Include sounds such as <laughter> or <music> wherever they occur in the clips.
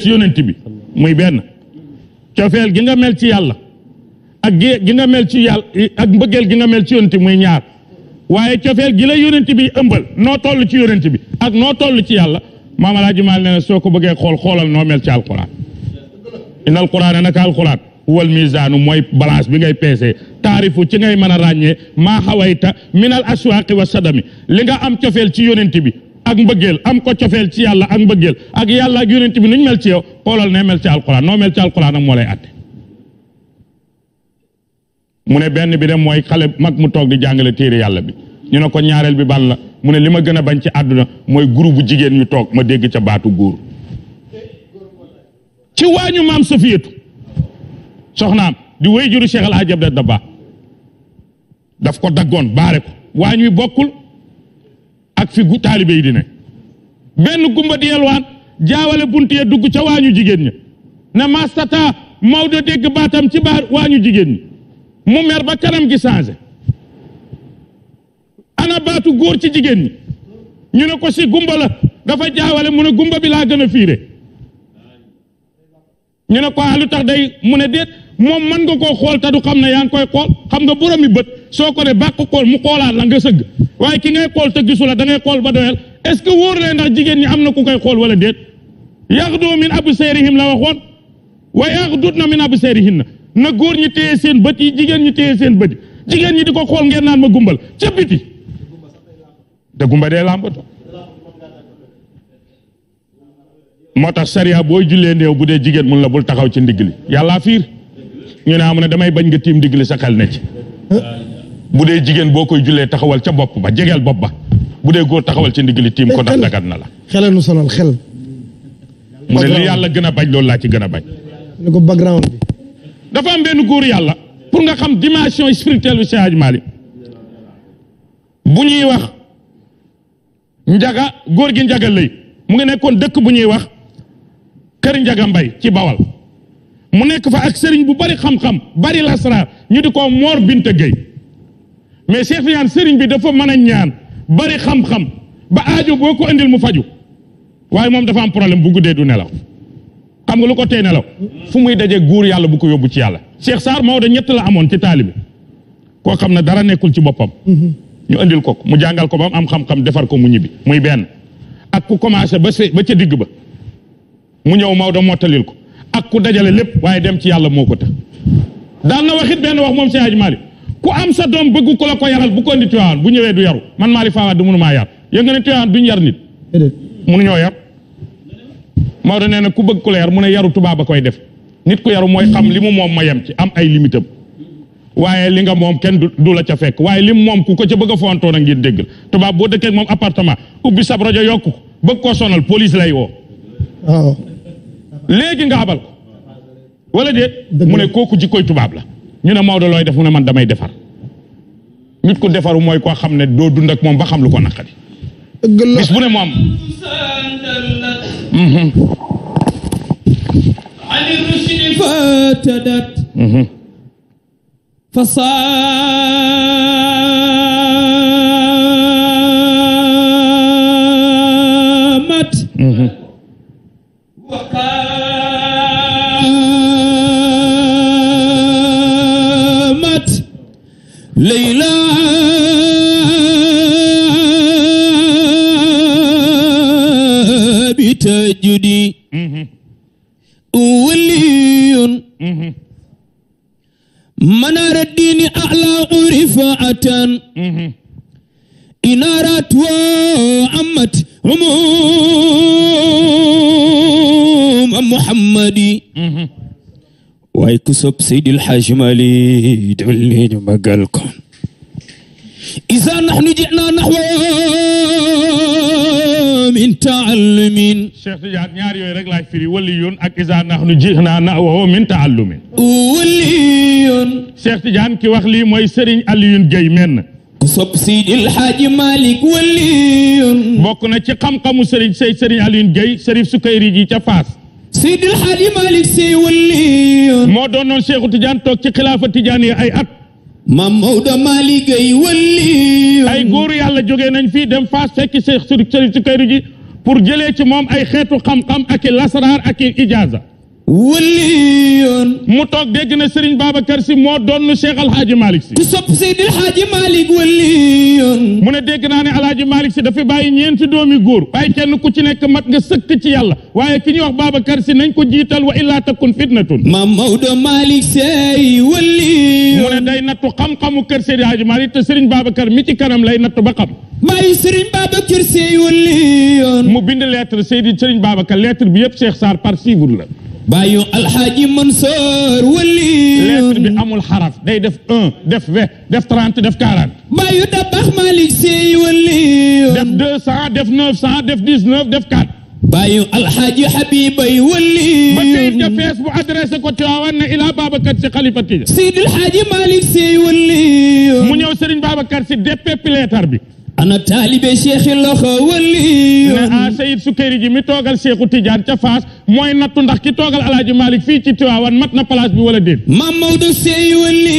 ci yonent bi muy benn cofeel gi nga mel ci yàlla ak gi nga mel ci yàlla ak mbëggeel gi nga mel ci yonent bi muy ñaar waaye cofeel gi la yonent bi ëmbal noo toll ci yonent bi ak noo toll ci yàlla maa Alaaji Maal nee na soo ko bëggee xool xoolal noo mel ci alquran inna alquran naka alquran wal mizaanu mooy balance bi ngay peesee taarifu ci ngay mën a ràññee maa xawayta minal aswaaqi wa sadami li nga am cofeel ci yonent bi ak mbëggeel am ko cofeel ci yàlla ak mbëggeel ak yàlla ak yonent bi nu ñu mel ci yow xoolal ne mel ci alquran noo mel ci alquran ak moo lay àtte mu ne benn bi de mooy xale mag mu toog di jàngale téere yàlla bi ñu ne ko ñaareel bi ban la mu ne li ma gën a bañ ci àdduna mooy groupe bu jigéen ñu toog ma dégg ca baatu góor ci waañu maam safiyatu soxnaam di wéy juru Cheikh Al Hadj Abdel Dabba daf ko daggoon baare ko waañ wi bokkul ak fi gu taalibe yi di benn gumba di yelwaan jaawale bunt ya dugg ca waañu jigéen ña ne mastata Maodo dégg baatam ci baa waañu jigéen ñi mu mer ba kanam gi changé ana baatu góor ci jigéen ñi ñu ne ko si gumba la dafa jaawale mu ne gumba bi laa gën a fiire ñu ne ko ah, lu tax day mu ne déet moom mën nga koo xool tadu du xam ne yaa koy xool xam nga mi bët soo ko ne bàq xool mu xoolaat la nga sëgg waaye ki ngay xool te gisu la da xool ba doyal est-ce que wóor na ndax jigéen ñi am na ku koy xool wala déet yaxdu min absaarihim la waxoon wa yaxdudna min absaarihinna na na góor ñi téye seen bët yi jigéen ñi téye seen bët jigéen ñi di ko xool ngeen naan ma gumbal ca biti te gumba dee làmbato moo tax sariya booy jullee néew bu dee jigéen mun la bul taxaw ci li yàllaa fiir ñu ne am na damay bañ nga tiim ndigli sa xel ne ci bu dee jigéen boo koy jullee taxawal ca bopp ba jegeel bopp ba bu dee góor taxawal ca ci li tiim ko ndax dagat na la. xelal nu sonal xel. mu ne li yàlla gën a bañ loolu laa ci gën a bañ. ko background dafa am benn góor yàlla pour nga xam dimension spirituelle bi Cheikh Hadj bu ñuy wax njaga góor gi njaga lay mu ngi nekkoon dëkk bu ñuy wax kër njaga mbay ci bawal mu nekk fa ak sëriñ bu bari xam-xam bari lasraar ñu di ko moor binte Gueye mais Cheikh Tidiane sëriñ bi dafa mën a ñaan bari xam-xam ba aajo boo ko indil mu faju waaye moom dafa am problème bu guddee du nelaw xam nga lu ko tey nelaw fu muy dajee góor yàlla bu ko yóbbu ci yàlla Cheikh Sarr Maodo ñett la amoon ci taalibi koo xam ne dara nekkul ci boppam ñu indil ko mu jàngal ko ba mu am xam-xam defar ko mu ñibbi muy benn ak ku commencé ba se ba ca digg ba mu ñëw Maodo mottalil ko ak ku dajale lépp waaye dem ci yàlla moo ko tax daan na waxit benn wax moom Cheikh Hadj ku am sa doom bëgg ku la ko yaral bu ko indi Tiwaawan bu ñëwee du yaru man Malick Fawad du mënu maa yar yéen nga ne Tiwaawan duñ yar nit. mënuñoo yar Maodo nee ku bëgg ku la yar mu ne yaru tubaab a koy def nit ku yaru mooy xam li mu moom ma yem ci am ay limitam waaye li nga moom kenn du la ca fekk waaye lim moom ku ko ca bëgg a fontoo nag ngeen dégg tubaab boo dëkkee moom appartement ubbi sab rajo yokk ko bëgg koo sonal police lay woo. léegi nga abal ko. wala déet mu ne kooku jikkoy tubaab la. ñu ne Maodo looy def mu ne man damay defar nit ku defaru mooy koo xam ne doo dund ak moom ba xam lu ko naqari. bis bu ne moom. Mhm. Mhm. fasamat mhm. Leyla bi tajudi waliyun منار الدين أعلى عرفاءة إنارات وأمت عموم محمدي waaye ku sopp Seydil Hadji Malick dolli ñu magal ko iza nahnu ji'na nahwa min ta'allumin Cheikh Tidiane ñaar yooyu rek laay firi waliyun ak iza nahnu ji'na nahwa min ta'allumin waliyun Cheikh Tidiane ki wax lii mooy Serigne Alioune Gueye menn ku sopp Seydil Hadji Malick waliyun bokk na ci xam-xamu Serigne Sey Serigne Alioune Gueye Serif Sukayri ji ca Faas Seydi El Hadji Malick Sy moo doonoon Cheikhu Tidiane toog ci xilaafa Tidiane yi ay at Maam Maodo Malick Gaye waliyu ay góor yàlla jógee nañ fii dem Fass fekki Cheikh Seydi Sukayru ji pour jëlee ci moom ay xeetu xam-xam ak i lasaraar ak i ijaaza waliyoon mu toog dégg na baaba Babacar Sy moo doon Cheikh Al Hadj Malick Sy. ku sopp Seydi El Hadj Malick waliyoon. mu ne dégg naa ne El si Malick Sy dafa bàyyi ñeenti doomi góor waaye kenn ku ci nekk mat nga sëkk ci yàlla waaye ki ñuy wax baaba Babacar Sy nañ ko jiital wa illaa takun fitnatun. maam Maodo Malick Sy waliyoon. mu ne day nattu xam-xamu kër Seydi El Hadj Malick te Serigne mi ci kanam lay nattu ba xam. bàyyi Serigne Babacar Sy waliyoon. mu bind lettre Seydi Serigne Babacar lettre bi yëpp Cheikh Sarr par suivre la. bàyyu alxaaji Mansoor wali lettre bi amul xaraf day def un def vingt def trente def quarante bàyyu dabax Malick Sey wali def deux cent def neuf cent def dix def quatre bàyyu alxaaji Habibay wali ba kayit ga fees bu adressé ko Tiwaawan ne ilaa Babacar si xalifati Seydil Xaaji Malick Sey wali mu ñëw Serigne Babacar si déppee lettre bi ana taalibe cheikhi loxo wali a sayid sukkari ji mi toogal cheikhu tidiane ca faas mooy nattu ndax ki toogal alaaji malik fii ci tiwaawan mat na place bi wala déet mam Maodo sey wali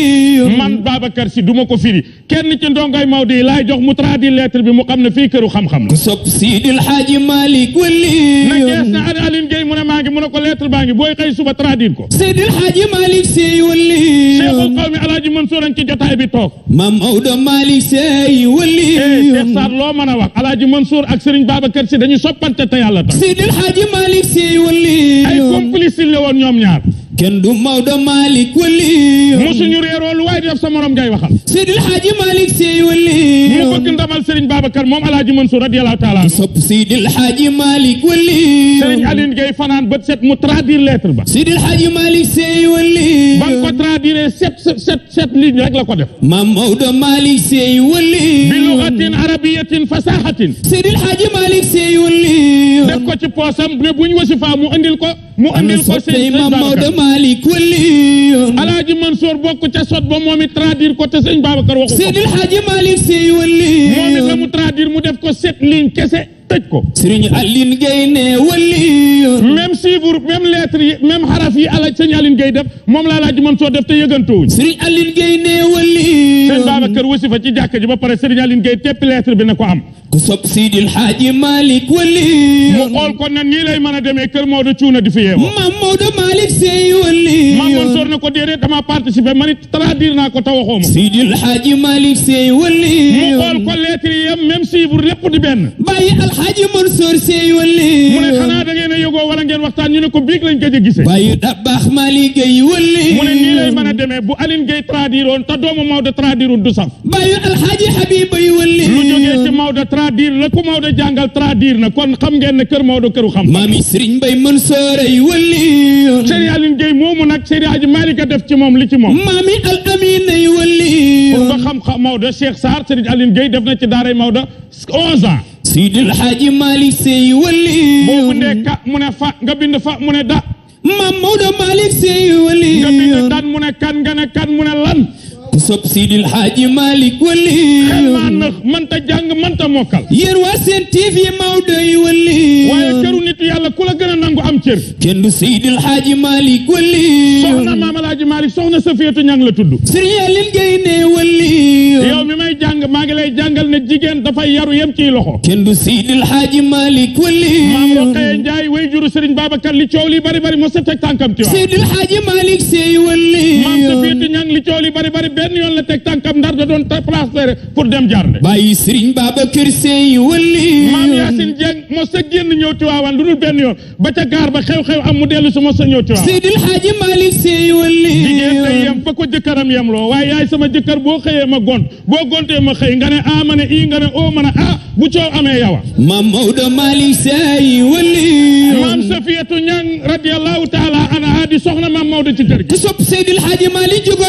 man Babacar si duma ko firi kenn ci ndongoy Maodo yi laay jox mu traadi lettre bi mu xam na fii këru xam-xam la sopp sidil haaji malik wali na gees na an Aline Gueye mu ne maa ngi mu ne ko lettre baa ngi booy xëy suba tradir ko sidil haaji malik sey wali cheikhul qawmi alaaji Mansour ci jotaay bi toog mam Maodo malik sey wali eh, Oustaz loo mën a wax Alaaji Mansour ak Serigne Babacar Sy dañuy soppante te yàlla tax Seydil Hadji Malick Sy wali ay complice la woon ñoom ñaar kenn du Maodo Malick wali. musuñu réeroo lu waaye def sa morom ngay waxal. Seydil Hadji Malick Sy wali. mu bëgg ndamal Serigne Babacar moom El Hadj Mansour radiyallahu taala. sopp Seydil Hadji Malick wali. Serigne Aline Gueye fanaan bët set mu traduire lettre ba. Seydil Hadji Malick Sy wali. ba ko traduire sept sept sept lignes rek la ko def. ma Maodo Malick Sy wali. bi lugatin arabiyatin fasahatin. Seydil Hadji Malick Sy wali. def ko ci poosam ne bu ñu wasifa mu andil ko. mu andil ko Seydil Babacar Malick waliyoon. Alaaji Mansour bokk ca sot ba moom it traduire ko te sëñ Babacar waxu ko. Seydil Hadji Malick Sy waliyoon. moom it la mu traduire mu def ko sept lignes kese. tëj ko. Serigne Aline Gueye ne wali. même chiffre même lettre yi même xaraf yi alaaj Serigne Aline Gueye def moom laa laaj man soo def te yëgantoo wuñ. Serigne Aline Gueye ne wali. Serigne Babacar wasifa ci jàkka ji ba pare Serigne Aline Gueye tepp lettre bi na ko am. ku sopp Sidil Hadji Malick wali. mu xool kon nag nii lay mën a demee kër Maodo Cuuna di fi yeewoo. maam Maodo Malick Sey wali. maam Mansour ne ko déedéet dama participer man it traduire naa ko tawaxoo ma. Sidil Hadji Malick Sey wali. mu xool ko lettre yi même chiffre lépp di benn. bàyyi alxam. Alhaji Mansour Sy wëlli. mu ne xanaa da ngeen a yëgoo wala ngeen waxtaan ñu ne ko biig lañ gëj a gisee. waaye da baax Mali Gueye wëlli. mu ne nii lay mën a demee bu Aline Gueye traduire woon te doomu Maodo traduire du saf. bàyyi Alhaji Habiba yi wëlli. lu jógee ci Maodo traduire la ku Maodo jàngal traduire na kon xam ngeen ne kër Maodo këru xam. maami Serigne Mbaye Mansour ay wëlli. Serigne Aline Gueye moomu nag Serigne Hadji Malick a def ci moom li ci moom. maami Al Amin ay wëlli. pour nga xam Maodo Cheikh Sarr Serigne Aline Gueye def na ci daaray Maodo 11 ans Seydil Hadji Malick Sey wali. boobu de ka mu ne fa nga bind fa mu ne da. Mamadou Malick Sey wali. nga bind daan mu ne kan nga ne kan mu ne lan. ku sopp Sidil Haaji Malik wali nax mënta jàng mënta mokkal yéen waa seen TV Maodo yi wali waaye këru nit yàlla ku la gën a nangu am cër kenn du Sidil Haaji Malik wali soxna Maam Alaaji Malik soxna Safiyatu Ñang la tudd Serigne Aline Gueye ne wali yow mi may jàng maa ngi lay jàngal ne jigéen dafay yaru yem ciy loxo kenn du Sidil Haaji Malik wali maam Roqaya Njaay way juru Serigne Babacar li coow li bari bari mo sa teg tànkam ci Sidil Haaji Malik sey wali maam Safiyatu Ñang li coow li bari bari benn yoon la teg tànkam ndar da doon placer pour dem jarne bàyyi Serigne Babacar Seye wëli maam Yacine Dieng mo sa génn ñëw Tiwaawan lu dul benn yoon ba ca gaar ba xew-xew am mu dellu sa ñëw Tiwaawan Seydil Hadji Malick Seye wëli jigéen day yem fa ko jëkkëram yem loo waaye yaay sama jëkkër boo xëyee ma gont boo gontee ma xëy nga ne a ah, ma ne o ma ne a ah, bu coow amee yawa maam Maodo Malick Seye wëli maam Safiyatu Ñang radiyallahu taala anha di soxna maam Maodo ci kër gi ku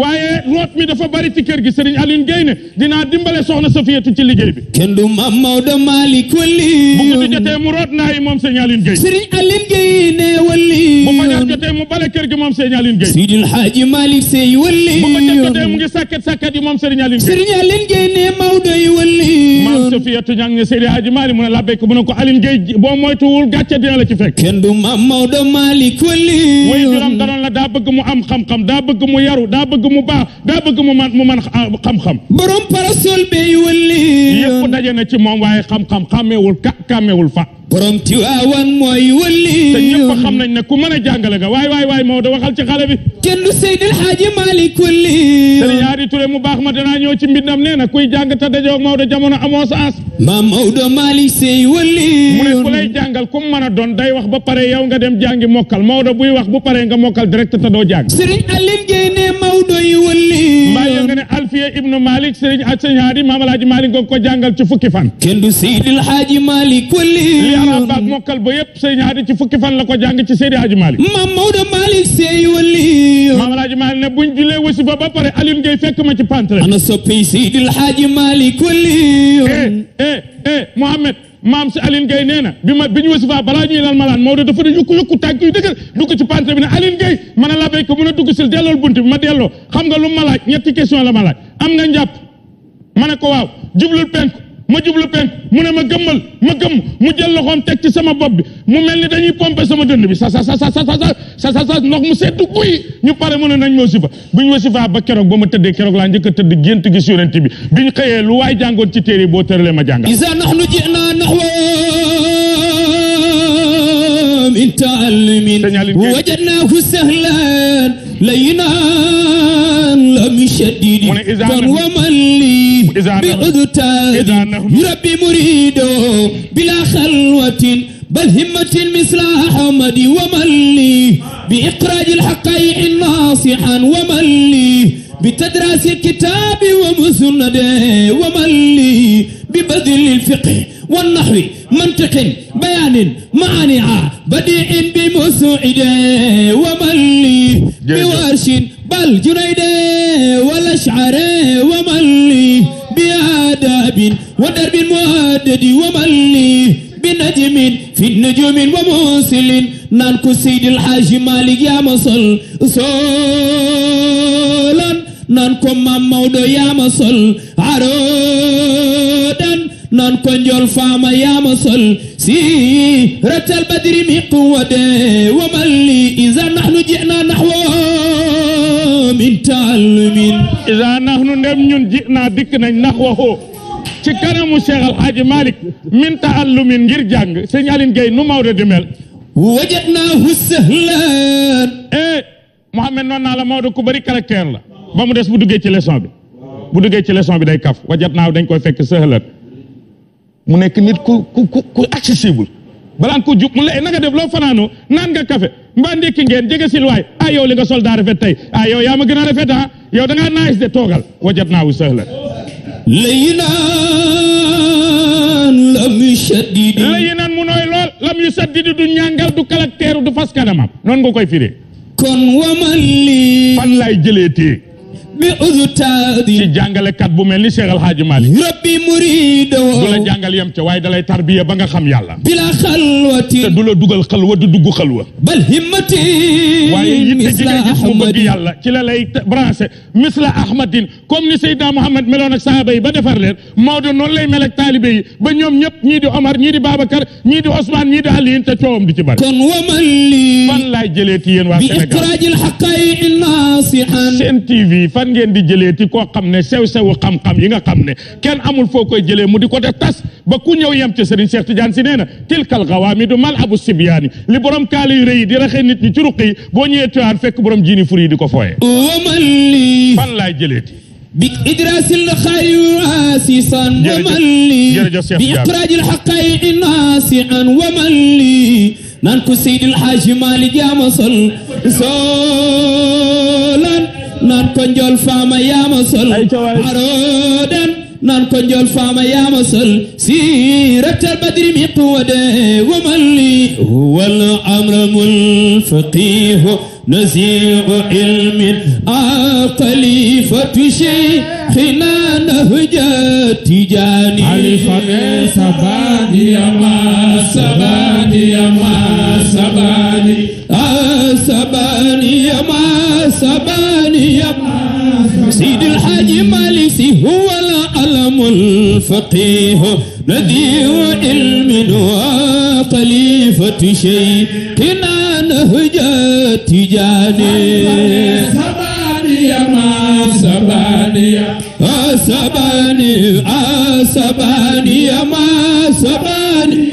waaye root mi dafa bari ci kër gi Serigne Alioune Guèye ne dinaa dimbale soxna Safiyatu ci liggéey bi. kenn du ma Maodo Malick wali. bu guddi jotee mu root naa yi moom Serigne Alioune Guèye. Serigne Alioune Guèye ne wali. bu fajar jotee mu bale kër gi moom Serigne Alioune Guèye. Sidil Hadji Malick Sey wali. bu fajar jotee mu ngi sàkket sàkket yi moom Serigne Alioune Guèye. Serigne Alioune Guèye ne Maodo yi wali. maam Safiyatu ñang ne Seydi Hadji Malick mu ne la bekk mu ne ko Alioune Guèye boo moytuwul gàcce dina la ci fekk. kenn du ma Maodo Malick wali. way juram danoon la daa bëgg mu am xam-xam daa bëgg mu mu daa bëgg mu baax daa bëgg mu man mu man ah, xam-xam borom parasol bay wëlli yëpp daje na ci moom waaye xam-xam xàmmeewul ka xàmmeewul fa borom Tiwaawan mooy wëli. te ñëpp xam nañ ne ku mën a jàngale nga waay waay waay Maodo waxal ci xale bi. kenn du Seydil Hadji Malick wëli. sëriñ Hadi Touré mu baax ma danaa ñëw ci mbindam nee na kuy jàng te dajoo jamono amoo sa as. maam Maodo Malick mu ne ku lay mën a doon day wax ba pare yow nga dem jàngi mokkal Maodo buy wax bu pare nga mokal direct te doo jàng. sëriñ Aline Gueye ne Maodo yi wëli. mbaa yëg nga ne Alfiya Ibnu Malick sëriñ ak sëriñ Hadi jàngal ci fukki fan. arab baak mokkal ba yëpp sëñ Hadi ci fukki fan la ko jàng ci Seydi Hadji Malick maam Maodo ne buñ julee wasi fa ba pare Alioune Gueye ma ci pantre ana soppi Seydi Hadji Malick wali eh eh eh Mohamed maam si Alioune Gueye nee na bi ma bi ñu wasi fa balaa ñuy lal malaan Maodo dafa ne yukku yukku tànk yu dëgër dugg ci pantre bi ne Alioune Gueye mën a labay ko mën a dugg sil dellool bunt bi ma delloo xam nga lu ma laaj ñetti question la ma laaj am nga njàpp ma ne ko waaw jublul penku ma jublu penk mu ne ma gëmmal ma gëmm mu jël loxoom teg ci sama bopp bi mu mel ni dañuy pomper sama dënd bi sa sa sa sa sa sa ndox mu seddu guy ñu pare mu ne nañ ma wasifa bu ñu wasifaa ba keroog ba ma tëddee keroog laa njëkk a tëdd gént gis yonent bi bi ñu xëyee lu waay jàngoon ci téere boo tëralee ma jànga من تعلم وجدناه سهلا لينا لم يشدد ومن لي بأذتاد ربي مريد بلا خلوة بل همة مثل أحمد ومن لي بإخراج الحقائق ناصحا ومن لي بتدرس الكتاب ومسنده ومن لي ببذل الفقه والنحو منطق بيان معنى بديع بمسعد وملي بورش بل جريد والأشعر وملي بآداب ودرب مهدد وملي بنجم في النجوم وموصل نانكو سيد الحاج مالك يا مصل صولا نانكو مام مودو يا مصل عروس noon ko njool faama yaama sol si ratal badri mi quwade wa malli iza nahnu jina nahwa min taallumin iza nahnu ndem ñun jina dikk nañ nahwa ci kanamu Cheikh Al Hadji Malick min taallumin ngir jàng sëñ Aline Gueye nu Maodo di mel wajadnaahu sahlan eh Mouhamed noon naa la Maodo ku bëri caractère la ba mu des bu duggee ci leçon bi bu duggee ci leçon bi day kaf wajadnaahu dañ koy fekk sahlan mu nekk nit ku ku ku accessible balaa ko jub mu la eh, na def loo fanaanoo naan nga café mbaa ndékki ngeen jege sil waay ah yow li nga soldat rafet tey ah yow yaa ma gën a rafet ah yow da ngaa de toogal wajat naawu sahla layinaan lam yu saddidi layinaan mu nooy lool lam yu saddidi du ñàngal du kalakteeru du fas kanamam noonu nga koy firee kon waman lii fan laay jëlee tee bi ustaadi ci jàngalekat bu mel ni a Al Hadj Malick rabbi murido du la jàngal yem ca waaye dalay tarbiya ba nga xam yàlla bila xalwati te du la dugal xalwa du dugg xalwa bal himmati waaye yitte ji nga gis mu bëgg yàlla ci la lay branché misla ahmadin comme ni Seydina Mouhamed meloon ak sahaba yi ba defar leen Maodo noonu lay mel ak taalibe yi ba ñoom ñëpp ñii di Omar ñii di Babacar ñii di Ousmane ñii di Aliyin te coowam di ci bari kon waman fan laay jëlee ci yéen waa Sénégal bi iqraajil xaqay nasihan fan ngeen di jëlee ti koo xam ne sew-sewu xam-xam yi nga xam ne kenn amul foo koy jëlee mu di ko def tas ba ku ñëw yem ci Serigne Cheikh Tidiane si nee na tilkal xawaamidu mal abu sibyaani li borom kaala yu rëy di raxee nit ñi ci ruq yi boo ñëwee tuwaan fekk borom jiini fur yi di ko fooye waman lii fan laay jëlee ti bi idrasil xayru asisan waman lii bi iqraajil xaqaay inaasi an waman lii naan ko Seydil Haaji Maalik jaama sol so naan ko njool faama yaama sol aroodan naan ko njool faama yaama sol siiratal badri mi quwade wamalli huwa al amra mul faqihu نزيغ علم خليفة شيخنا نهجة تجاني خليفة سباني ما سباني ما سباني سباني ما سباني سيد الحاج مالك هو العلم الفقيه بديع علم وخليفة شيخنا نهجة تجاني سبانية ما سبانية سبانية سبانية ما سبانية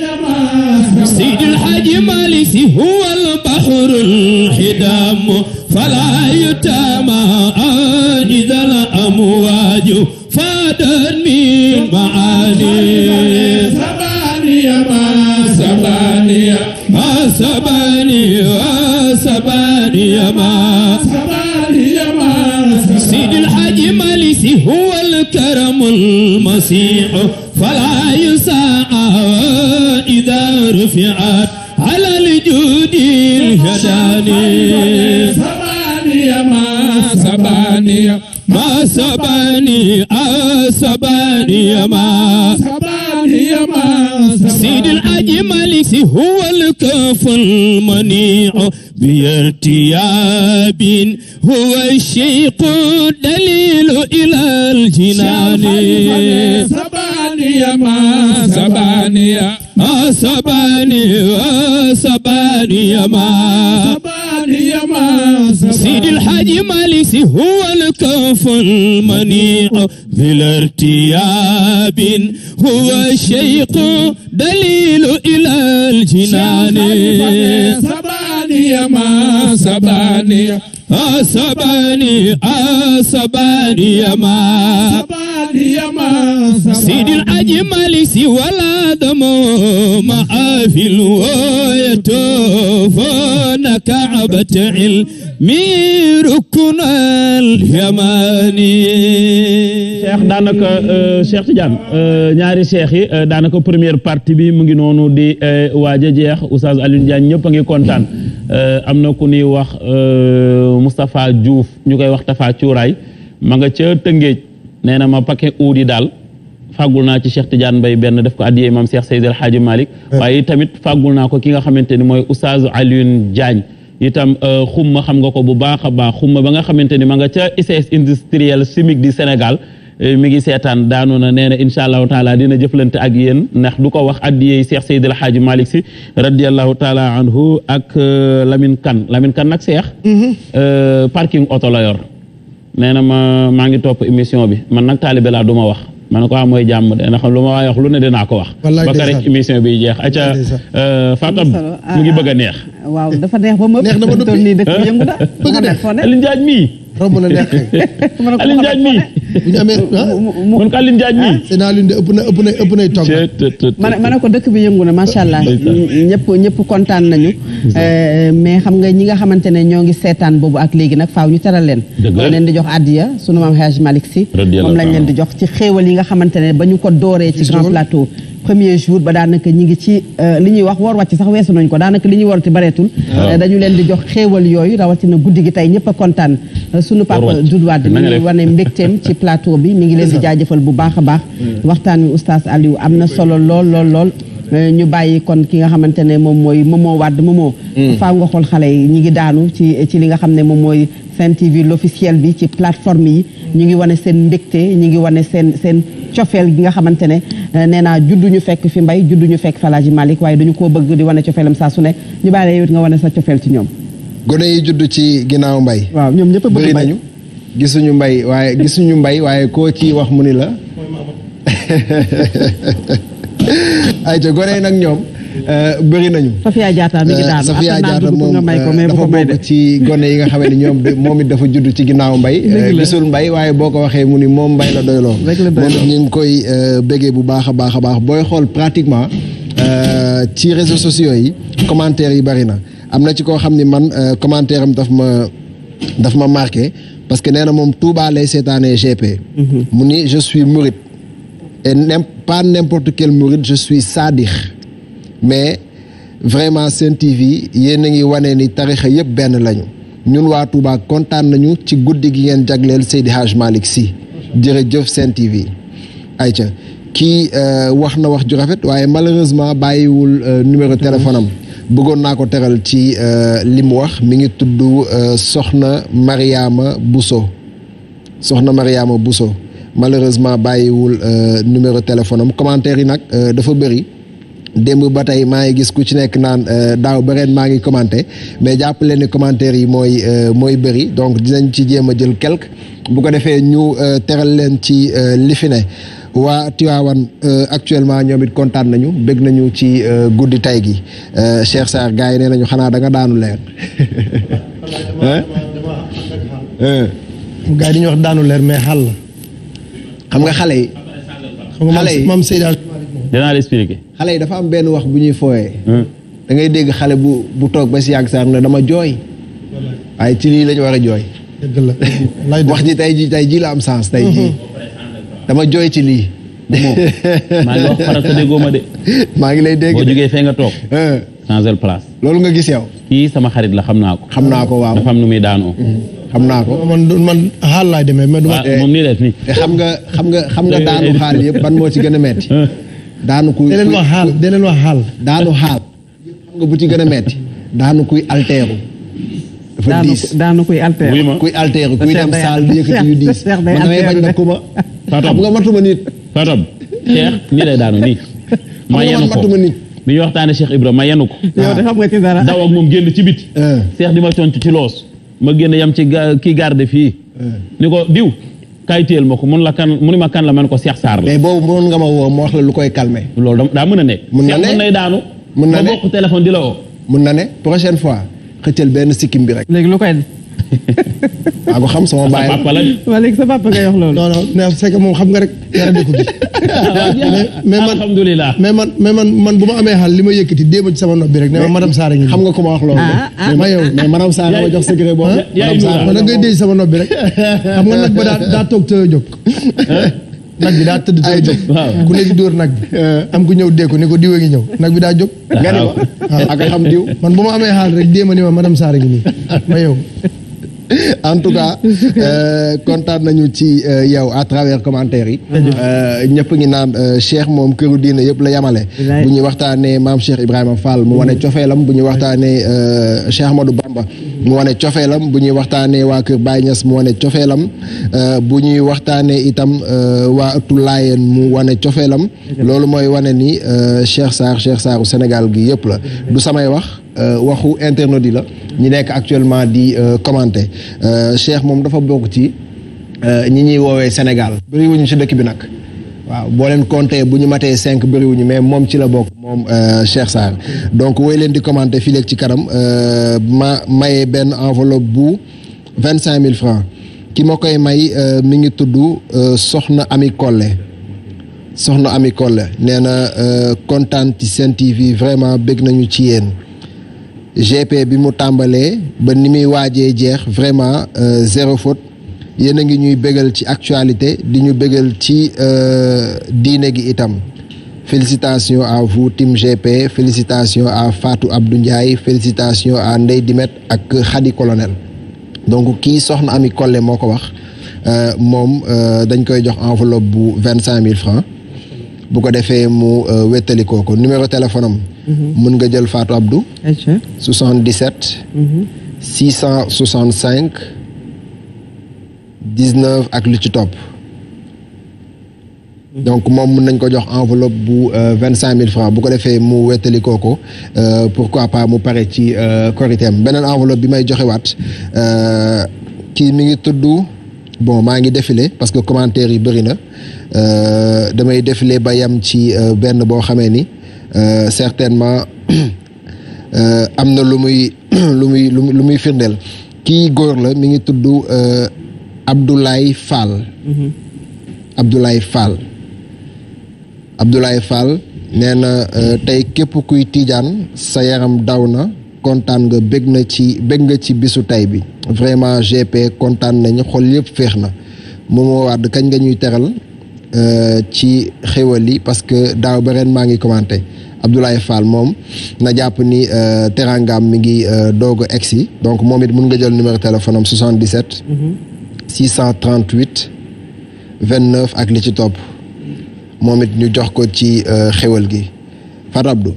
سيد الحاج مالسي هو البحر الحدام فلا يتامى إذا الأمواج فلا المسيح فلا يساء إذا رفعت على الجود الهداني سبحان يا ما سبحان سباني ما سباني أسباني ما سباني ما سيد الأجمل هو الكف المنيع بارتياب هو الشيق دليل إلى الجنان سباني sabaniya ma sabaniya ma sabaniya sabaniya ma sabaniya ma سيد الحاج مالك هو الكف المنيع بلا ارتياب هو الشيخ دليل إلى الجنان سبانية ما سبانية أصباني أصباني يا ما سيد الأجمل سوى دمو ما أفل ويتوفون كعبة علمي ركن اليماني cheikh daanaka euh, cheikh Tidiane euh, ñaari cheikh yi euh, daanaka première partie bi mu ngi noonu di waaj a jeex Oustaz Alioune Diagne ñëpp a ngi kontaan Euh, am na ku ñuy wax euh, Moustapha Diouf ñu koy wax Tafa Cuuraay ma nga ca Tëngéej nee na ma paquet uud daal fàggul naa ci Cheikh Tidiane Mbaye benn def ko addiyee maam Cheikh Seydi El Hadji Malick eh. waaye tamit fàggul naa ko ki nga xamante ni mooy Oustaz Alioune Diagne itam euh, xumma xam nga ko bu baax a baax xumma ba nga xamante ni ma nga ca ICS industriel chimique du Sénégal Eh, mi ngi seetaan daanu na nee na incha allahu dina jëflante ak yéen ndax du ko wax addiyey seex Seydil Hadji Malick si radiallahu taala anhu ak eh, Lamine Kane Lamine Kane nag seex mhm. eh, parking oto la na ma maa ngi topp émission bi man nag taalibe laa du ma wax ma ne ko am ah, mooy jàmm de ndax ko wax ba ka rek émission bi jeex aca Fatam mu ngi bëgg a ah, neex ah, waaw dafa neex ba mëpp neex na ba dëkk yëngu na bëgg a neex Alioune Diagne mii romb neex <laughs> Alioune Diagne mii bu ñu amee ah? kon Kaline ah? seen Alioune de ëpp na ëpp na ëpp nay toog. ma ne ko dëkk bi yëngu na macha allah ñëpp ñëpp kontaan nañu. Eh, mais xam nga ñi nga xamante ne ñoo ngi seetaan boobu ak léegi nag faaw ñu teral leen. dëgg leen di jox addiya sunu maam Malick Sy. lañ leen di jox ci xéewal yi nga xamante ne ba ñu ko dooree ci Grand Plateau. premier jour ba daanaka ñi ngi ci eh, li ñuy wax woor wàcc sax weesu nañ ko daanaka li ñuy worati bareetul ah. eh, dañu leen di jox xéewal yooyu rawatina guddi gi tey ñëpp a kontaan Euh, sunu papa Doudou Wade mi ngi wane mbégteem ci plateau bi mi ngi leen di jaajëfal bu baax a baax mm. waxtaan wi oustaz aliw am na solo lool lool lool euh, ñu bàyyi kon ki nga xamante ne moom mooy Momo Wade Momo mm. faaw nga xool xale yi ñi ngi daanu ci ci li nga xam ne moom mooy Sen TV l'officiel bi ci plateforme yi ñu ngi wane seen mbégte ñu ngi wane seen seen cofeel gi nga xamante ne euh, nee naa juddu ñu fekk fi mbay juddu ñu fekk Falaji Malick waaye dañu koo bëgg di wane cofeelam saa su ne ñu bàyyi la yow nga wane sa cofeel ci ñoom gone yi judd ci ginnaaw mbay. waaw ñoom ñëpp bëgg mbay ñu gisuñu mbay waaye gisuñu mbay waaye koo ci wax mu ni la. <laughs> ayca gone yi nag ñoom euh, bëri nañu. Safia Diatta mi ngi euh, daanu Safia Diatta moom euh, dafa bokk ci gone yi nga xam ne ñoom moom it dafa juddu ci ginnaaw mbay. <laughs> gisul mbay waaye boo ko waxee mu ni moom mbay la doyloo. moom it ñu ngi koy bëggee bu baax a baax a baax booy xool pratiquement ci réseau sociaux yi commentaires yi bari na. am na ci ko xam ni man euh, commentaire am daf ma daf ma marqué parce que nee na moom Touba lay seetaanee GP. Mhm. mu ni je suis mouride et n' pas n' importe quel mouride je suis sadiq mais vraiment Sen TV yéen a ngi wane ni tarixa yëpp benn lañu ñun waa Touba kontaan nañu ci guddi gi ngeen jagleel Seydi Hadj Malick Sy jërëjëf Sen TV ayca kii euh, wax na wax ju rafet waaye malheureusement bàyyiwul euh, numéro téléphone am. bëggoon naa ko teral ci euh, li mu wax mi ngi tudd euh, soxna Mariama Bousso soxna Mariama Bousso malheureusement bàyyiwul euh, numéro téléphone am commentaire yi nag dafa bëri démb ba tey maa ngi gis ku ci nekk naan daaw ba maa ngi commenté mais jàpp leen ni commentaire yi mooy mooy bëri donc dinañ ci jéem a jël quelque bu ko defee ñu teral leen ci li fi ne waa Tiwaawan euh, actuellement ñoom it kontaan nañu bëgg nañu ci euh, guddi tay gi euh, Cheikh Sarr gars yi nee nañu xanaa danga daanu leer. <laughs> gars yi dañuy wax daanu leer mais xal xam nga xale yi. xale yi maam Seyda dinaa la xale yi dafa am benn wax bu ñuy fooyee. dangay dégg xale bu bu toog ba si yàgg Sarr ne dama jooy. waaye ci lii lañu war a jooy. wax ji tay ji tay ji la am sens tay ji mhm. dama jooy ci lii. maa ngi wax faral sa ma <laughs> maa ngi lay dégg boo jógee fee nga toog. changer place. loolu nga gis yow. kii sama xarit la xam naa ko. xam naa ko waaw dafa nu muy daanoo. xam naa ko man man xaal laay demee man. waaw ah, moom eh, xam nga xam nga xam nga daanu <laughs> xaal yëpp ban moo ci gën a metti. daanu kuy de leen wax xaal de leen wax bu ci gën a metti. daanu kuy alteeru. dafa diis daanu kuy alteeru. kuy alteeru kuy dem saal di yëkkati yu diis man damay bañ na kuma. xam nga matuma nit fatom Cheikh nii lay daanu nii ma yenu ko bi ñu waxtaane Cheikh Ibrahima ma yenu ko daw ak moom génn ci biti eh. Cheikh di ma conc ci loos ma génn yam ci kii garde fii eh. ni ko diw kaay téel ma ko mun la kan muni ma kan la man ko Cheikh Sarr la mais boobu mënoon nga ma woo ma wax la lu koy calmé loolu daa mën a nekk mun na ne mën nay daanu mun na ne ma bokk téléphone di la woo mun na ne prochaine fois xëccal benn sikkim bi rek léegi lu koy <laughs> maa xam sama baay la léegi sa papa ngay wax loolu. non non moom xam nga rek yara dëkku gi. mais man mais man mais man man bu ma amee xal li ma yëkkati déema ci sama nopp bi rek ne ma madame Sarr ngi xam nga ko ma wax loolu. Ah, ah, ma yow mais madame Sarr ma jox secret boobu. madame Sarr ma nag ngay sama nopp bi rek xam nga nag ba daa daa toog te jóg. daa tëdd tey jóg ku ne dóor nag uh. am ku ñëw dee ko ne ko diwee ñëw nag bi daa jóg nga ah, diw man bu ma amee xaal rek ma madame Sarr ngi nii <laughs> ma yow en tout cas <laughs> euh, kontaan nañu ci euh, yow à travers commentaire yi. Euh, ñëpp ngi naan Cheikh moom këru diine yëpp la yamale. bu ñuy waxtaanee maam Cheikh Ibrahima Fall mu wane cofeelam bu ñuy waxtaanee Cheikh Ahmadou Bamba. mu wane cofeelam bu ñuy waxtaanee waa Kër Baye Niass mu wane cofeelam bu ñuy waxtaanee itam waa ëttu Laayeen mu wane cofeelam. loolu mooy wane ni Cheikh Sarr Cheikh Sarru Sénégal gi yëpp la du samay wax waxu internet yi la. ñi nekk actuellement di euh, commenter euh, Cheikh moom dafa bokk ci euh, ñi ñuy woowee Sénégal bëriwuñu si dëkk bi nag waaw boo leen compter bu ñu matee cinq bëriwuñu mais moom ci la bokk moom Cheikh Sarr donc woy leen di commenter fii léegi ci kanam ma maye benn enveloppe bu vingt cinq mille francs ki ma koy may mi ngi tudd Soxna Ami Kolle Soxna Ami Kolle nee na kontaan ci Sen TV vraiment bëgg nañu ci yéen GP bi mu tàmbalee ba ni muy waajee jeex vraiment euh, zéro faute yéen a ngi ñuy bégal ci actualité di ñu bëggal ci euh, diine gi itam félicitations à vous team GP félicitations à Fatou Abdou Ndiaye félicitations à Ndeye Dimet ak Khady Colonel donc kii soxna Ami Collé moo ko wax euh, moom dañ koy jox enveloppe bu vingt cinq mille francs bu ko defee mu euh, wettali kooku numéro téléphone am. mun mhm. nga jël Fatou Abdou. 77. 665. 19 ak lu ci topp. donc moom mun nañ ko jox enveloppe bu euh, vingt cinq mille francs bu ko defee mu wettali kooku euh, pourquoi pas mu pare ci koriteem beneen enveloppe bi may joxe waat kii mi ngi tudd. bon maa ngi défilé parce que commentaires yi bëri na euh, damay défilé ba yam ci euh, benn boo xamee ni euh, certainement <coughs> am na <coughs> lu muy lu muy lu muy firndeel kii góor la mi ngi tudd Abdoulaye Fall. Mhm. Abdoulaye Fall. Abdoulaye Fall nee na tey képp kuy tiijaan sa yaram daw na. kontaan nga bég na ci bég nga ci bisu tay bi vraiment GP kontaan nañu xol yëpp féex na moom moo kañ nga ñuy teral euh, ci xéwal yi parce que daaw ba maa ngi commenté Abdoulaye Fall moom na jàpp ni euh, terangam mi ngi euh, doog a si donc moom it mun nga jël numéro téléphone am 77. 638 29 ak li ci topp moom it ñu jox ko ci xéwal gi Fatou Abdou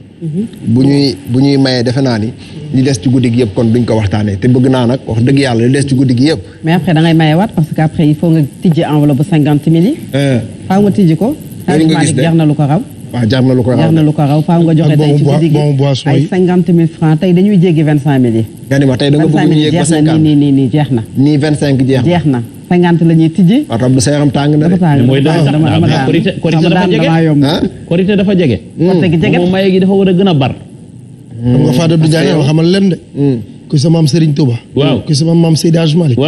bu ñuy bu ñuy mayee defe naa ni. li des ci guddi gi yëpp kon duñ ko waxtaanee te bëgg naa nag wax dëgg yàlla li des ci guddi gi yëpp. mais après da ngay mayewaat parce que après il faut nga tijji enveloppe cinquante mille yi. Euh. nga tijji ko. loolu nga gis de jar na lu ko raw. jar na lu ko raw jar na lu ko raw faaw nga joxe tey ci guddi gi ay cinquante mille francs tey dañuy jéggi vingt cinq mille yi. nga ni ma tey da bëgg ñu jeex na nii nii jeex na. nii vingt cinq jeex na jeex na. cinquante la ñuy tijji. oto bi sa yaram tàng na de. mooy dama dama daan damaa yomb. korité dafa jege. Hmm. korité gi jege moom maye gi dafa war a gën a bar. Hmm. xam nga Fatou Abdou Diagne xamal leen de. Hmm. ku sa maam Serigne tuba waaw ku sa maam Seydi Hadji Malick.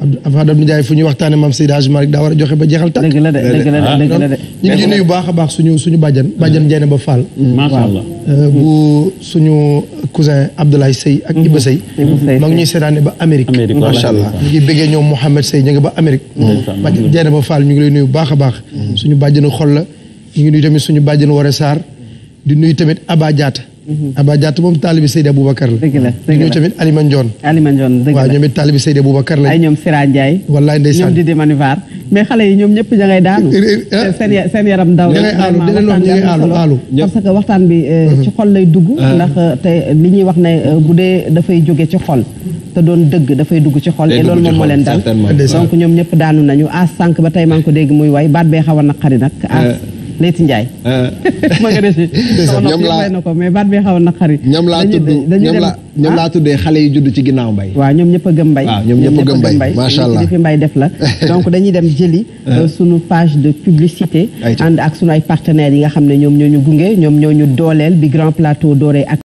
Abdou Ndiaye fu ñuy waxtaane maam Seydi Hadji Malick daa war a joxe ba jeexal tàkk dëgg la de ah, ñu ngi nuyu baax a baax suñu suñu bàjjan bàjjan Ndiaye ba Fall mm, mm, macha allah euh, bu suñu cousin Abdoulaye Sey ak Iba Sey ma ngi ñuy seetaane ba Amérique macha allah ñu ngi bëggee ñoom Mouhamed Sey ñu ngi ba Amérique mm-hmm. bàjjan Ndiaye ba Fall ñu ngi lay nuyu baax a baax mm-hmm. suñu bàjjanu xol la ñu ngi nuyu tamit suñu bàjjan Wore Sarr di nuyu tamit Aba Diatta Mm-hmm. Aba Diatta moom taalibi Seydi Aboubacar la. dëgg la dëgg la tamit Alima Ndione. Alima Ndione dëgg la waaw ñoom it taalibi Seydi Aboubacar lañ. ay ñoom Sira Ndiaye. wallaay ndeysaan ñoom Didi Manivar mais xale yi ñoom ñëpp ña ah. wax ña euh, mm-hmm. lay dugg. Ah. ndax euh, te li ñuy wax ne euh, bu dee dafay jóge ci xol. te doon dëgg dafay dugg ci xol. et loolu moom moo leen dal donc ñoom ñëpp daanu nañu as ah, sànq ba tey maa ko dégg muy way baat bee xaw a naqari nag as Leyti Ndiaye. Eh. <laughs> ma nga desi. ñoom laa soxna na ko mais baat xaw na xari. ñoom laa tudd ñoom laa ah? tuddee xale yu judd ci ginnaaw mbay. waaw ñoom ñëpp gëm mbay. ñoom ñëpp a gëm mbay macha allah mbay def la. <laughs> donc dañuy dem jëli. Eh. Euh, sunu page de publicité. ànd ak sunu ay partenaires yi nga xam ne ñoom ñoo ñu gunge ñoom ñoo ñu dooleel bi grand plateau dooree ak.